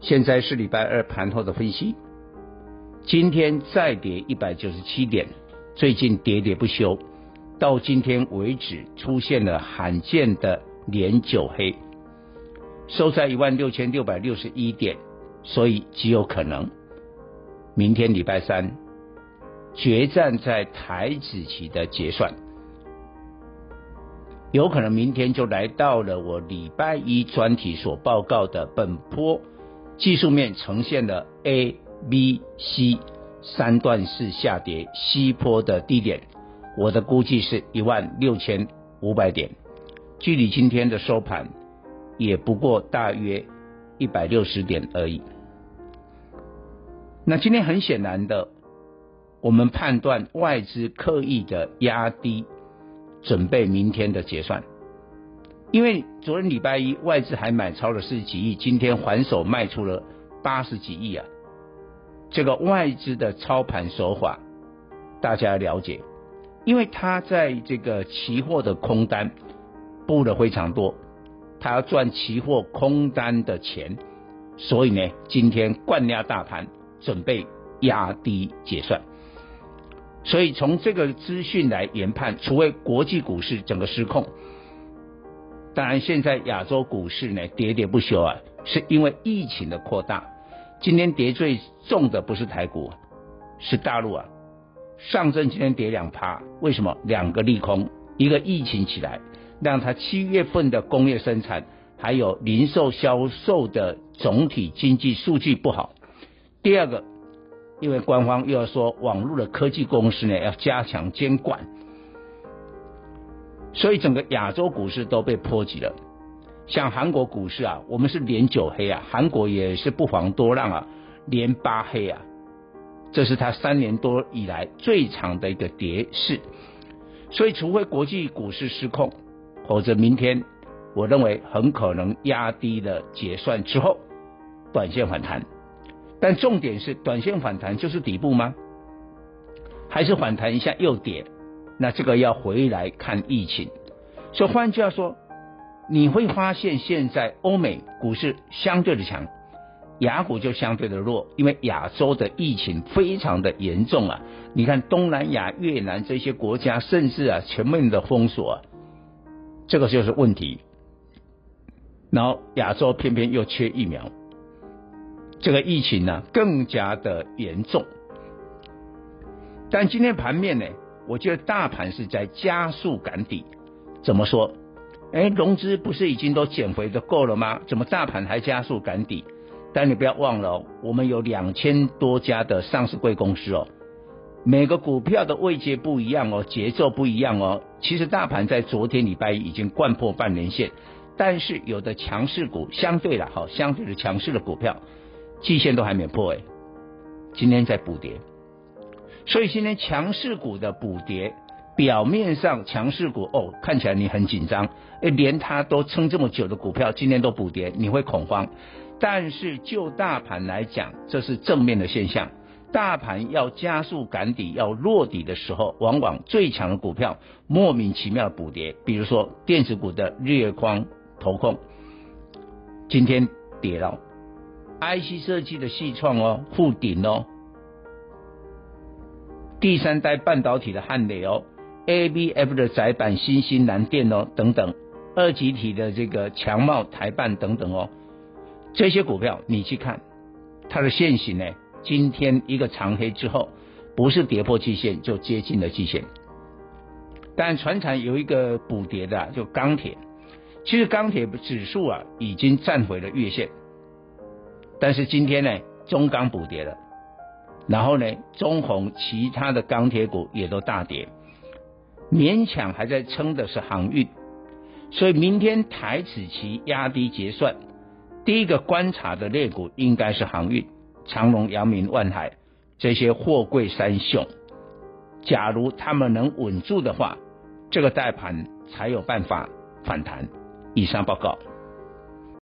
現在是禮拜二盤後的分析。今天再跌一百九十七點，最近跌跌不休，到今天為止出現了罕見的連九黑，收在一萬六千六百六十一點，所以極有可能，明天禮拜三決戰在台指期的結算，有可能明天就來到了我禮拜一專題所報告的本波。技術面呈現了 A、B、C 三段式下跌，西坡的低點，我的估計是一萬六千五百點，距離今天的收盤也不過大約一百六十點而已。那今天很顯然的，我們判斷外資刻意的壓低，準備明天的結算。因為昨天禮拜一外資還買超了四十幾億，今天還手賣出了八十幾億啊！這個外資的操盤手法大家要了解，因為他在這個期貨的空單布了非常多，他要賺期貨空單的錢，所以呢，今天灌壓大盤，準備壓低結算。所以從這個資訊來研判，除非國際股市整個失控。當然，現在亞洲股市呢跌跌不休啊，是因為疫情的擴大。今天跌最重的不是台股，是大陸啊。上證今天跌兩趴，為什麼？兩個利空，一個疫情起來，讓它七月份的工業生產還有零售銷售的總體經濟數據不好。第二個，因為官方又要說網路的科技公司呢要加強監管。所以整個亞洲股市都被波及了，像韓國股市啊，我們是連九黑啊，韓國也是不遑多讓啊，連八黑啊，這是它三年多以來最長的一個跌勢。所以，除非國際股市失控，否則明天我認為很可能壓低了結算之後，短線反彈。但重點是，短線反彈就是底部嗎？還是反彈一下又跌？那這個要回來看疫情，所以換句話說，你會發現現在歐美股市相對的強，亞股就相對的弱，因為亞洲的疫情非常的嚴重啊！你看東南亞、越南這些國家，甚至啊全面的封鎖啊，這個就是問題。然後亞洲偏偏又缺疫苗，這個疫情呢啊更加的嚴重。但今天盤面呢？我覺得大盤是在加速趕底，怎麼說？哎，融資不是已經都減肥的夠了嗎？怎麼大盤還加速趕底？但你不要忘了哦，我們有兩千多家的上市櫃公司哦，每個股票的位階不一樣哦，節奏不一樣哦。其實大盤在昨天禮拜一已經摜破半年線，但是有的強勢股，相對的哈，相對的強勢的股票，季線都還沒破哎，今天在補跌。所以今天強勢股的補跌，表面上強勢股哦，看起來你很緊張，哎、欸，連它都撐這麼久的股票，今天都補跌，你會恐慌。但是就大盤來講，這是正面的現象。大盤要加速趕底、要落底的時候，往往最強的股票莫名其妙的補跌。比如說電子股的日月光投控，今天跌了；IC 設計的矽創哦，護頂哦。第三代半導體的漢磊哦，ABF 的載板，欣興、南電哦等等，二極體的這個強茂台半等等哦，這些股票你去看，它的線型呢，今天一個長黑之後，不是跌破季線就接近了季線，但傳產有一個補跌的、啊、就鋼鐵。其實鋼鐵指數啊已經站回了月線，但是今天呢中鋼補跌了。然後呢，中鴻其他的鋼鐵股也都大跌，勉強還在撐的是航運。所以明天台指期壓低結算，第一個觀察的類股應該是航運，長榮、陽明、萬海這些貨櫃三雄。假如他們能穩住的話，這個大盤才有辦法反彈。以上報告。